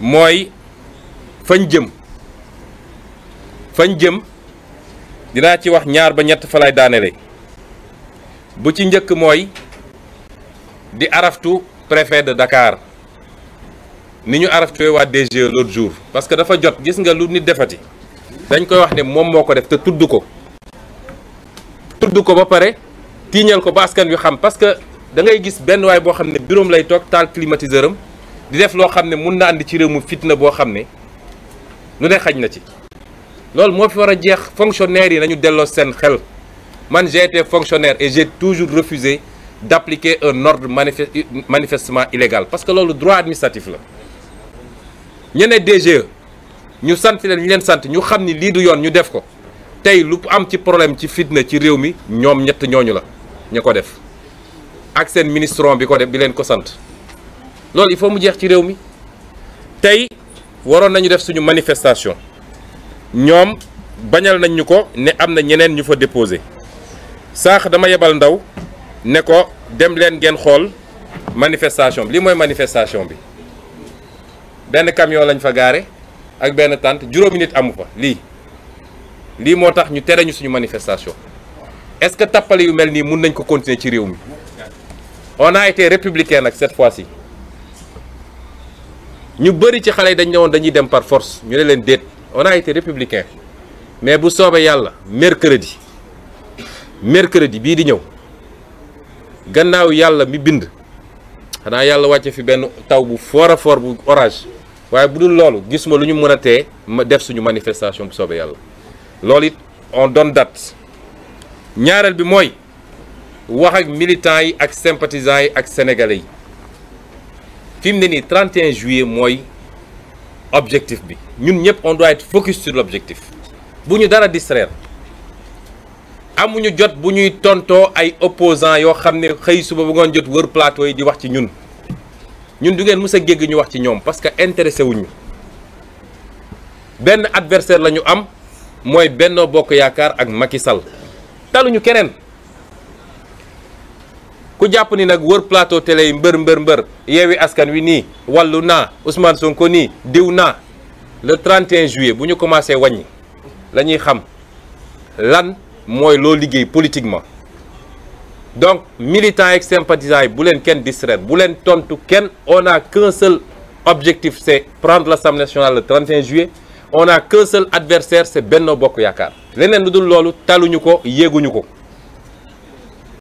mooy fañ jëm fañ jëm dinaa ci wax ñaar ba ñett fa lay daanele bu ci njëkk mooy di araftu préfet de Dakar ni ñu araftuwee waa DGE l'autre jour parce que dafa jot gis nga lu nit defati dañ koy wax ne moom moo ko def te tudd ko tudd ko ba pare tiiñal ko ba askan wi xam parce que da ngay gis benn waay boo xam ne buroom lay toog taal climatiseur am di def loo xam ne mun na andi ci réew mu fitna boo xam ne lu ne xaj na ci loolu moo fi war a jeex fonctionnaires yi na ñu delloo seen xel man j'ai été fonctionnaire et j'ai toujours refusé d'appliquer un ordre manifestement illégal parce que loolu droit administratif la ñu ne DGE ñu sant leen ñu leen sant ñu xam ni lii du yoon ñu def ko tey lu am ci problème ci fitna ci réew mi ñoom ñett ñooñu la ñu ko def ak seen ministron bi ko def bi leen ko sant loolu il faut mu jeex ci réew mi tey waroon nañu def suñu manifestation ñoom bañal nañ ñu ko ne am na ñeneen ñu fa déposé saax dama yebal ndaw ne ko dem leen ngeen xool manifestation bi lii mooy manifestation bi benn camion lañ fa gaare ak benn tànt juróomi nit amu fa lii lii moo tax ñu tere ñu suñu manifestation est-ce que tappale yu mel nii mun nañ ko continuer ci réew mi on a été républicain nag cette fois yi ñu bëri ci xale yi dañ ne dañuy dem par force ñu ne leen déet on a été républicain mais bu soobee yàlla mercredi mercredi bii di ñëw gannaaw yàlla mi bind xanaa yàlla wàcce fi benn taw bu fort a fort bu orage waaye bu dul loolu gis ma lu ñu mën a tee ma def suñu manifestation bu soobee yàlla loolu it on donne dat ñaareel bi mooy wax ak militants yi ak sympathisants yi ak sénégalais yi. fi ne nii 31 juillet mooy objectif bi ñun ñëpp on doit être focus sur l'objectif bu ñu dara distraire amuñu jot bu ñuy tontoo ay opposants yoo xam ne xëy suba bu ngoon jot wër plateau yi di wax ci ñun ñun du ngeen mës a gégg ñu wax ci ñoom parce que intéressé wuñu benn adversaire la ñu am mooy benn Bokk Yaakaar ak Macky Sall taluñu keneen ku jàpp ni nag wër plateau télé yi mbër mbër mbër yeewi askan wi nii wàllu naa Ousmane Sonko nii diw naa le 31 juillet bu ñu commencé wàññi la ñuy xam lan mooy loo liggéey politiquement donc militants et sympathisants yi bu leen kenn distraire bu leen tontu kenn on a objectif c'est prendre l'Assemblée nationale le 31 juillet on a qu'un seul adversaire c'est Benno Bokk Yaakaar leneen lu dul loolu taluñu ko yéeguñu ko